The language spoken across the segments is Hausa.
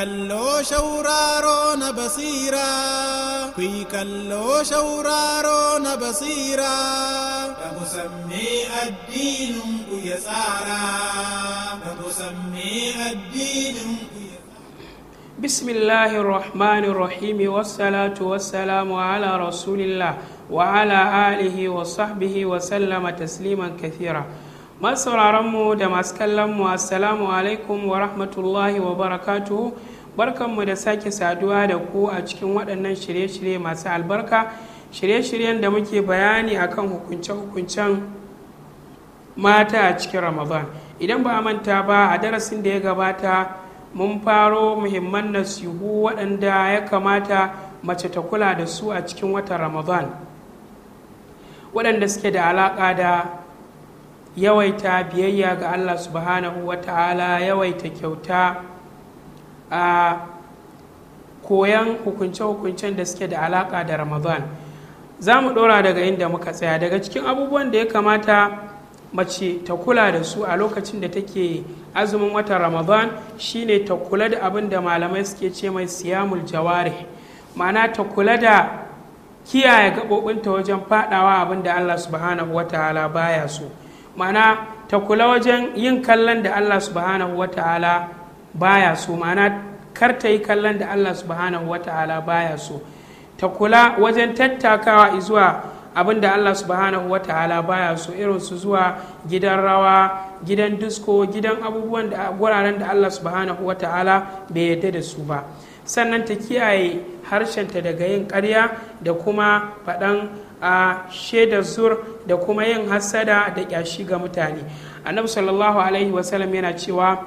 kalloo shawraaroo na basiiraa kuyi kalloo shawraaroo na basiiraa kamusammee addiinuun guyya saaraa kamusammee addiinuun بسم الله الرحمن الرحيم والصلاة والسلام على رسول الله وعلى آله وصحبه وسلم تسليما كثيرا masauraranmu da masu kallonmu mu assalamu alaikum wa rahmatullahi wa barakatuhu barkanmu da sake saduwa da ku a cikin waɗannan shirye-shirye masu albarka shirye-shiryen da muke bayani a kan hukunce-hukuncen mata a cikin ramadan idan ba a manta ba a darasin da ya gabata mun faro muhimman nasihu waɗanda ya kamata mace ta kula da su a cikin watan ramadan waɗanda suke da alaƙa da yawaita biyayya ga allah subhanahu wa ta'ala yawaita kyauta a koyan hukunce-hukuncen da suke da alaka da ramadan za mu ɗora daga inda muka tsaya daga cikin abubuwan da ya kamata mace ta kula da su a lokacin da take azumin watan ramadan shine ta kula da abin da malamai suke ce mai siyamul jaware ma'ana ta kula da kiyaye gaɓoɓinta wajen faɗawa abin da allah subhanahu wa ta'ala baya so ma'ana ta kula wajen yin kallon da allah subhanahu wa ta'ala baya so ma'ana kar ta yi kallon da allah subhanahu wa ta'ala baya so ta kula wajen tattakawa zuwa abin da allah subhanahu wa ta'ala baya so irin su zuwa gidan rawa gidan disko gidan abubuwan da guraren da allah subhanahu wa ta'ala bai yadda da su ba sannan ta kiyaye harshenta daga yin karya da kuma faɗan a shaidar zur da kuma yin hassada da ƙyashi ga mutane annabi sallallahu alaihi wasallam yana cewa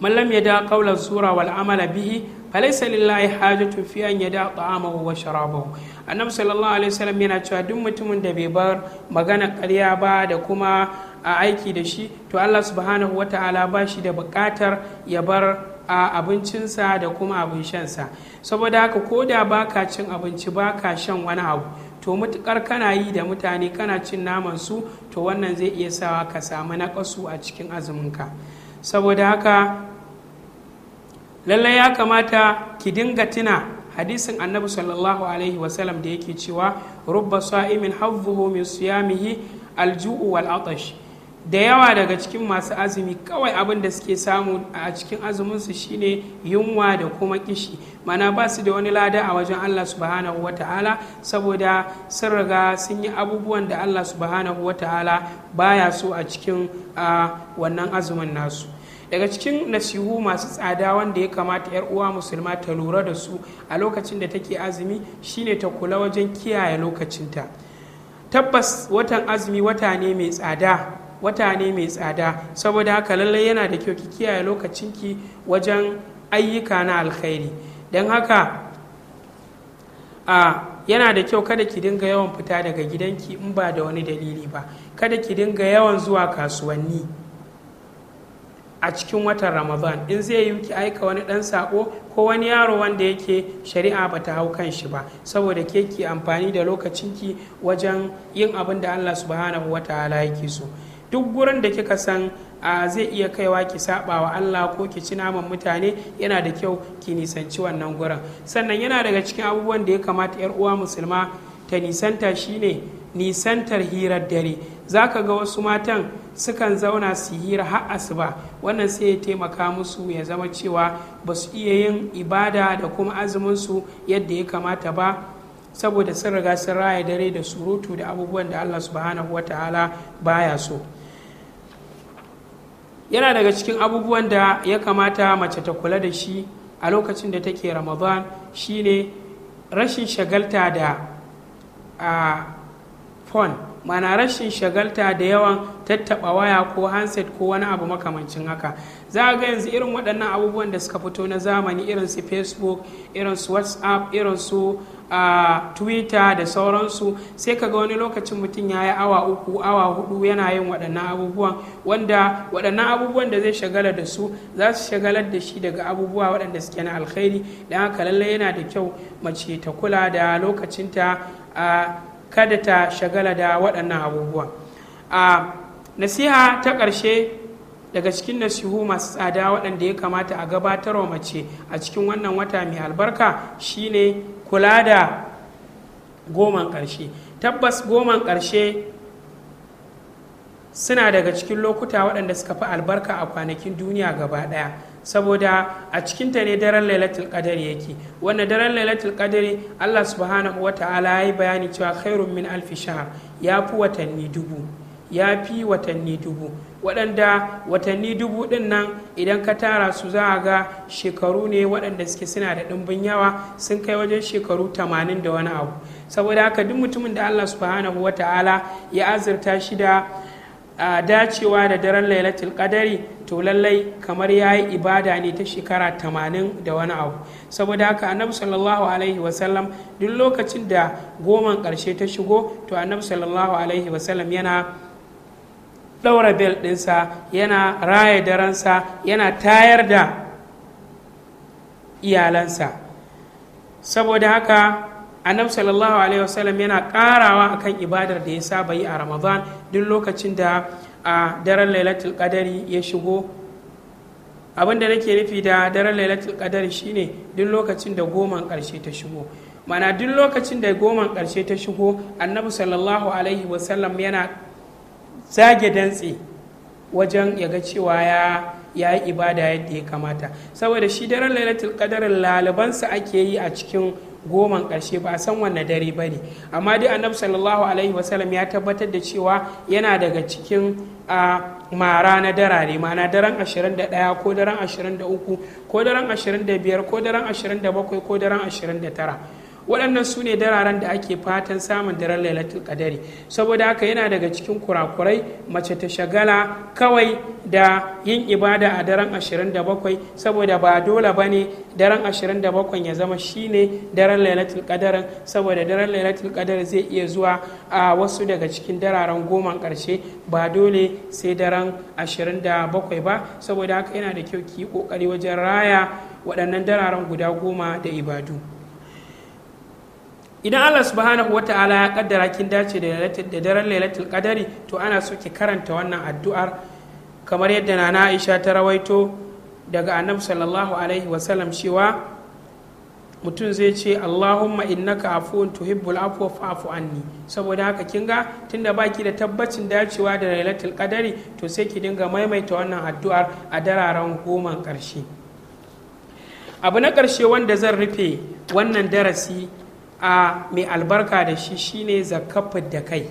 mallam ya da ƙaular sura wal amala bihi falaisa lillahi hajatu fi an yada ta'ama wa sharabahu annabi sallallahu alaihi wasallam yana cewa duk mutumin da bai bar magana ƙarya ba da kuma a aiki da shi to Allah subhanahu wataala ba shi da buƙatar ya bar a abincinsa da kuma abin shansa saboda haka ko da baka cin abinci baka shan wani abu to mutukar kana yi da mutane kana cin naman su to wannan zai iya sawa ka samu naƙasu a cikin azuminka saboda haka lallai ya kamata ki dinga tuna hadisin annabi sallallahu alaihi wasallam da yake cewa rubba sa'imin hazzuhu min siyamihi alju'u wal atash da yawa daga cikin masu azumi kawai abin da suke samu a cikin azuminsu shine yunwa da kuma kishi mana ba su da wani lada a wajen allah subhanahu wa ta'ala saboda sun riga sun yi abubuwan da allah subhanahu wa ta'ala baya so a cikin wannan azumin nasu daga cikin nasihu masu tsada wanda ya kamata 'yar uwa musulma ta lura da su a lokacin da take azumi shine ta kula wajen kiyaye lokacinta tabbas watan azumi wata ne mai tsada wata ne mai tsada saboda haka lallai yana da kyau ki kiyaye lokacinki wajen ayyuka na alkhairi don haka a yana da kyau kada ki dinga yawan fita daga gidanki in ba da wani dalili ba kada ki dinga yawan zuwa kasuwanni a cikin watan ramadan in zai yi ki aika wani dan sako ko wani yaro wanda yake shari'a ba ta hau kan shi ba saboda ke ki amfani da lokacinki wajen yin abin da allah subhanahu wa ta'ala yake so duk gurin da kika san a zai iya kaiwa ki saba wa Allah ko ki ci naman mutane yana da kyau ki nisanci wannan gurin sannan yana daga cikin abubuwan da ya kamata yar uwa musulma ta nisanta shine nisantar hirar dare za ka ga wasu matan sukan zauna su hira har asuba wannan sai ya taimaka musu ya zama cewa ba su iya yin ibada da kuma azuminsu yadda ya kamata ba saboda sun riga sun raya dare da surutu da abubuwan da allah subhanahu wa ta'ala baya so yana daga cikin abubuwan da ya kamata mace ta kula da shi a lokacin da take ramadan shine rashin shagalta da a ah, phone mana rashin shagalta da yawan tattaɓa waya ko handset ko wani abu makamancin haka za ga yanzu irin waɗannan abubuwan da suka fito na zamani irin su facebook irin su whatsapp irin su uh, twitter da sauransu sai kaga wani lokacin mutum ya yi awa uku awa hudu yana yin waɗannan abubuwan wanda waɗannan abubuwan da zai shagala da su za su shagalar da shi daga abubuwa waɗanda suke na alkhairi don haka lallai yana da kyau mace ta kula da lokacinta a kada ta shagala da waɗannan abubuwa a nasiha ta ƙarshe daga cikin nasihu masu tsada waɗanda ya kamata a gabatarwa mace a cikin wannan wata mai albarka shine kula da goman ƙarshe tabbas goman ƙarshe suna daga cikin lokuta waɗanda suka fi albarka a kwanakin duniya gaba ɗaya saboda a cikinta ne daren lailatul qadari yake wannan daren lailatul qadari Allah subhanahu wata'ala ya yi bayani cewa khairun min alfi shahr ya fi watanni dubu ya fi watanni dubu waɗanda watanni dubu ɗin nan idan ka tara su za a ga shekaru ne waɗanda suke suna da ɗimbin yawa sun kai wajen shekaru tamanin da wani abu saboda haka duk mutumin da allah subhanahu wa ta'ala ya azurta shi da a dacewa da daren lailatul qadari to lallai kamar ya yi ibada ne ta shekara tamanin da wani abu saboda haka annabi sallallahu alaihi wasallam duk lokacin da goman ƙarshe ta shigo to annabi sallallahu alaihi wasallam yana ɗaura bel ɗinsa yana raya daransa yana tayar da iyalansa saboda haka annabi sallallahu alaihi wasallam yana karawa akan ibadar da ya saba yi a ramadan duk lokacin da a daren lailatul qadari ya shigo abin da nake nufi da daren lailatul qadari shine duk lokacin da goman karshe ta shigo mana duk lokacin da goman karshe ta shigo annabi sallallahu alaihi wasallam yana zage dantse wajen ya ga cewa ya ya yi ibada yadda ya kamata saboda shi daren lailatul Qadar lalibansa ake yi a cikin goman ƙarshe ba a san wanne dare ba ne amma dai annabi sallallahu alaihi wasallam ya tabbatar da cewa yana daga cikin a mara na dara ne mana daren 21 ko daren 23 ko daren 25 ko daren 27 ko daren 29 waɗannan su ne dararen da ake fatan samun daren lailatul kadari saboda haka yana daga cikin kurakurai mace ta shagala kawai da yin ibada a daren 27 saboda ba dole ba ne daren 27 ya zama shi ne daren lailatul kadari saboda daren lailatul kadari zai iya zuwa a wasu daga cikin dararen goma ƙarshe ba dole sai daren 27 ba saboda haka yana da kyau ki yi ƙoƙari wajen raya waɗannan dararen guda goma da ibadu idan Allah subhanahu wa ta'ala ya kaddara kin dace da daren lailatul qadari to ana so ki karanta wannan addu'ar kamar yadda nana Aisha ta rawaito daga annab sallallahu alaihi wa cewa mutum zai ce Allahumma innaka afuwun tuhibbul afwa fa'fu anni saboda haka kin ga tunda baki da tabbacin dacewa da lailatul qadari to sai ki dinga maimaita wannan addu'ar a dararen goma karshe abu na karshe wanda zan rufe wannan darasi a mai albarka da shi shine zakafin da kai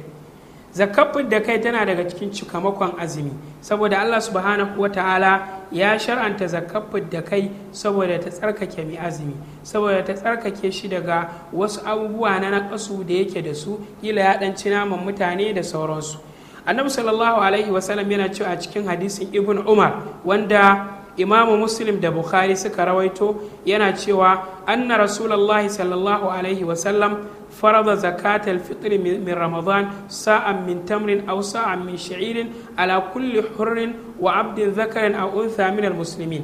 zakafin da kai tana daga cikin cikamakon azumi saboda allah subhanahu wata'ala ya shar'anta zakafin da kai saboda ta tsarkake mai azumi saboda ta tsarkake shi daga wasu abubuwa na nakasu da yake da su kila ya ɗanci naman mutane da sauransu annabi sallallahu alaihi wasallam yana cewa a cikin hadisin ibn umar wanda imamu muslim da bukhari suka rawaito yana cewa anna rasulullahi sallallahu alaihi wasallam farada zakatal fitri min ramadan sa'an min tamrin aw sa'an min sha'irin ala kulli hurrin wa abdin zakarin aw untha min almuslimin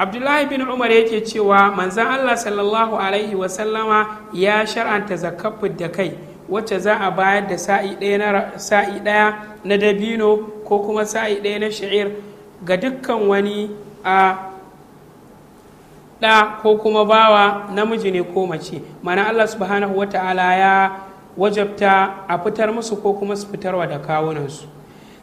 abdullahi bin umar yake cewa manzan allah sallallahu alaihi wasallama ya shar'anta zakafin da kai wacce za a bayar da sa'i ɗaya na dabino ko kuma sa'i ɗaya na sha'ir ga dukkan wani a ɗa ko kuma bawa namiji ne ko mace mana allah subhanahu wa ta'ala ya wajabta a fitar musu ko kuma su fitarwa da kawunansu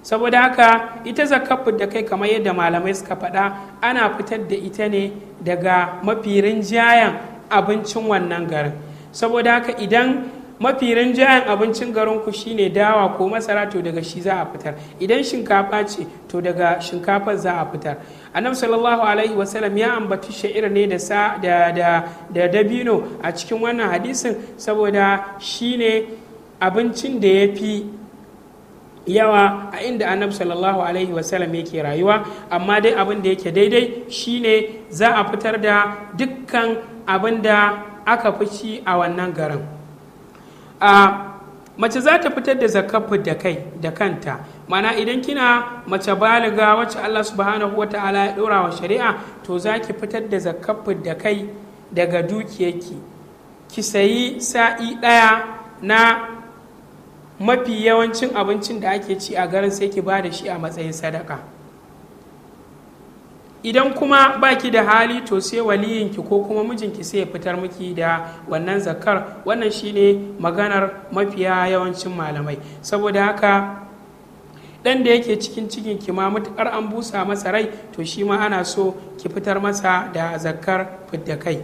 saboda haka ita zakafin da kai kamar yadda malamai suka faɗa ana fitar da ita ne daga mafi rinjayen abincin wannan garin saboda haka idan mafi rinjayen abincin garinku shine dawa ko masara to daga shi za a fitar idan shinkafa ce to daga shinkafar za a fitar annabi sallallahu alaihi wasallam ya ambaci shaira ne da sa da dabino a cikin wannan hadisin saboda shine abincin da ya fi yawa a inda annabi sallallahu alaihi wasallam yake rayuwa amma dai abin da yake daidai shine za a fitar da dukkan abin da aka fi ci a wannan garin a mace za ta fitar da zakafu da kai da kanta mana idan kina mace baliga wacce Allah subhanahu Ta'ala ya ɗora wa shari'a to za ki fitar da zakafu da kai daga dukiyarki ki sayi sa'i ɗaya na mafi yawancin abincin da ake ci a garin sai ki ba da shi a matsayin sadaka idan kuma baki da hali to sai waliyinki ko kuma mijinki sai ya fitar miki da wannan zakar wannan shine maganar mafiya yawancin malamai saboda haka dan da yake cikin cikin ki ma matukar an busa masa rai to shi ma ana so ki fitar masa da zakar fidda kai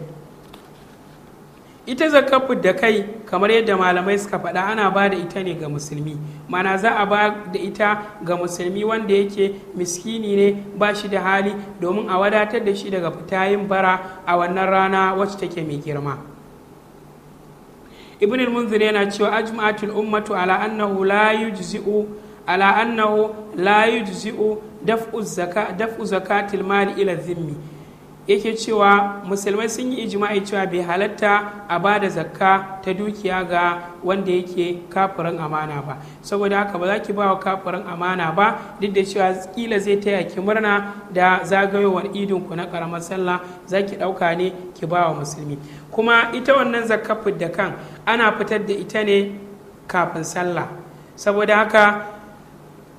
ita zakafu da kai kamar yadda malamai suka faɗa ana ba da ita ne ga musulmi mana za a ba da ita ga musulmi wanda yake miskini ne ba shi da hali domin a wadatar da shi daga fita yin bara a wannan rana wacce take mai girma ibn al-munzir yana cewa ajma'atul ummatu ala annahu la yujzi'u ala annahu la yujzi'u daf'u zakat daf'u zakatil mali ila zimmi yake cewa musulmai sun yi ijima'i cewa bai halatta a ba da zakka ta dukiya ga wanda yake kafirin amana ba saboda haka ba za ki ba wa kafirin amana ba duk da cewa kila zai taya ki murna da zagayowar idin ku na karamar sallah za ki ɗauka ne ki ba wa musulmi kuma ita wannan zakka da kan ana fitar da ita ne kafin sallah saboda haka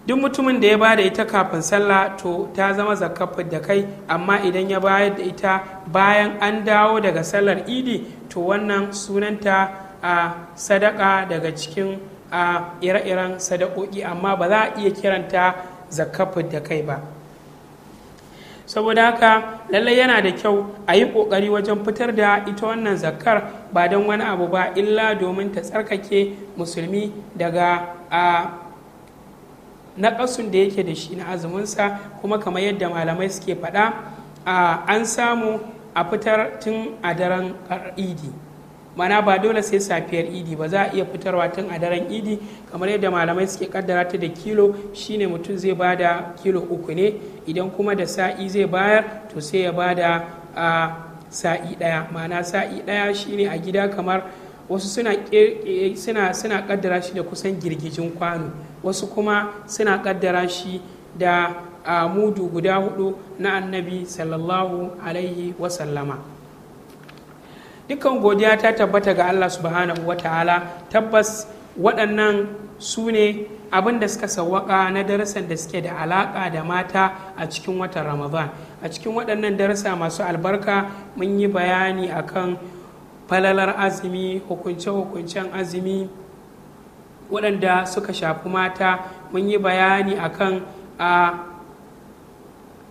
duk mutumin da ya ba da ita kafin sallah to ta zama zakafar da kai amma idan ya bayar da ita bayan an dawo daga sallar idi to wannan sunanta a sadaka daga cikin a ire-iren sadakoki amma ba za a iya kiranta zakafar da kai ba saboda haka lallai yana da kyau a yi ƙoƙari wajen fitar da ita wannan zakkar ba don wani abu ba illa domin ta tsarkake musulmi daga a naƙasun da yake da shi na azuminsa kuma kamar yadda malamai suke faɗa an samu a fitar tun a daren idi mana ba dole sai safiyar idi ba za a iya fitarwa tun a daren idi kamar yadda malamai suke kaddara ta da kilo shine mutum zai ba da kilo uku ne idan kuma da sa'i zai bayar to sai ya ba da sa'i ɗaya mana sa'i ɗaya shine a gida kamar wasu suna kaddara shi da kusan girgijin kwano wasu kuma suna kaddara shi da a mudu guda hudu na annabi sallallahu alaihi wasallama dukkan godiya ta tabbata ga allah subhanahu wa ta'ala tabbas waɗannan su ne abin da suka sawwaka na darasan da suke da alaƙa da mata a cikin watan ramadan a cikin waɗannan darasa masu albarka mun yi bayani akan falalar azumi hukunce-hukuncen azumi waɗanda suka shafi mata mun yi bayani akan a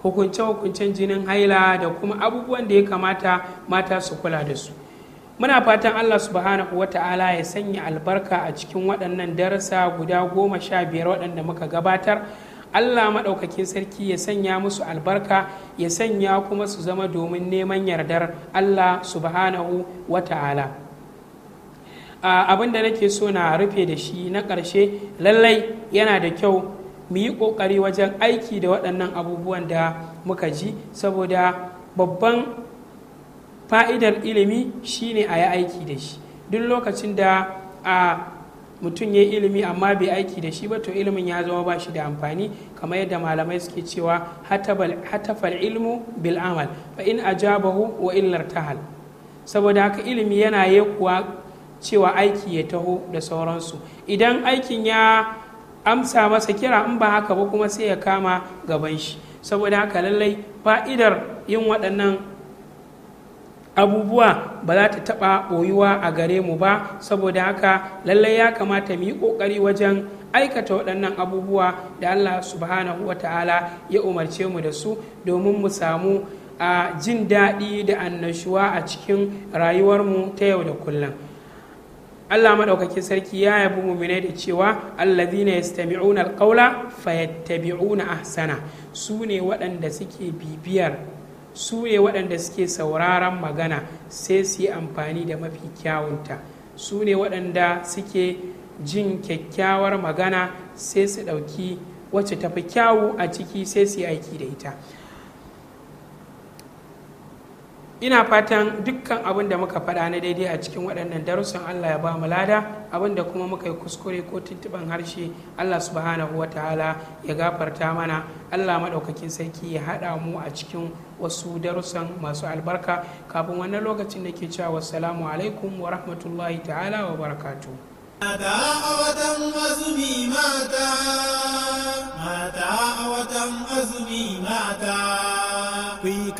hukunce-hukuncen jinin haila da kuma abubuwan da ya kamata mata su kula da su muna fatan allah subhanahu wa ta'ala ya sanya albarka a cikin waɗannan darasa guda goma sha biyar waɗanda muka gabatar allah maɗaukakin sarki ya sanya musu albarka ya sanya kuma su zama domin neman yardar allah subhanahu wa ta'ala abin da nake so na rufe da shi na ƙarshe lallai yana da kyau mu yi ƙoƙari wajen aiki da waɗannan abubuwan da muka ji saboda babban fa'idar ilimi shine a yi aiki da shi duk lokacin da a mutum ya yi ilimi amma bai aiki da shi ba to ilimin ya zama ba shi da amfani kamar yadda malamai suke cewa hatafal ilmu bil amal fa in ajabahu wa illar tahal saboda haka ilimi yana yi kuwa. cewa aiki ya taho da sauransu idan aikin ya amsa masa kira in ba haka ba kuma sai ya kama gaban shi saboda haka lallai fa'idar yin waɗannan abubuwa ba za ta taɓa ɓoyuwa a gare mu ba saboda haka lallai ya kamata mu yi ƙoƙari wajen aikata waɗannan abubuwa da allah subhanahu wa ta'ala ya umarce mu da su domin mu samu a ah, jin daɗi da annashuwa a cikin rayuwarmu ta yau da kullum Allah maɗaukakin sarki ya yabi muminai da cewa allazina yastami'una alqawla fayattabi'una ahsana su ne waɗanda suke bibiyar su ne waɗanda suke sauraron magana sai su yi amfani da mafi kyawunta su ne waɗanda suke jin kyakkyawar magana sai su ɗauki wacce tafi kyawu a ciki sai su yi aiki da ita ina fatan dukkan abin da muka faɗa na daidai a cikin waɗannan darussan Allah ya ba mu lada abin da kuma muka yi kuskure ko tuntuban harshe Allah subhanahu wa ta'ala ya gafarta mana Allah maɗaukakin sarki ya haɗa mu a cikin wasu darussan masu albarka kafin wannan lokacin da ke cewa wassalamu alaikum wa rahmatullahi ta'ala wa barakatu. mata mata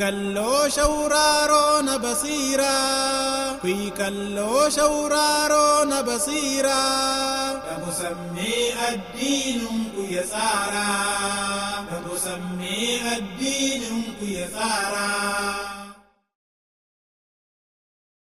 kalloo shawraaroo na basiiraa kuyi kalloo shawraaroo na basiiraa kamusammee addiinun kuya tsaaraa kamusammee addiinun kuya tsaaraa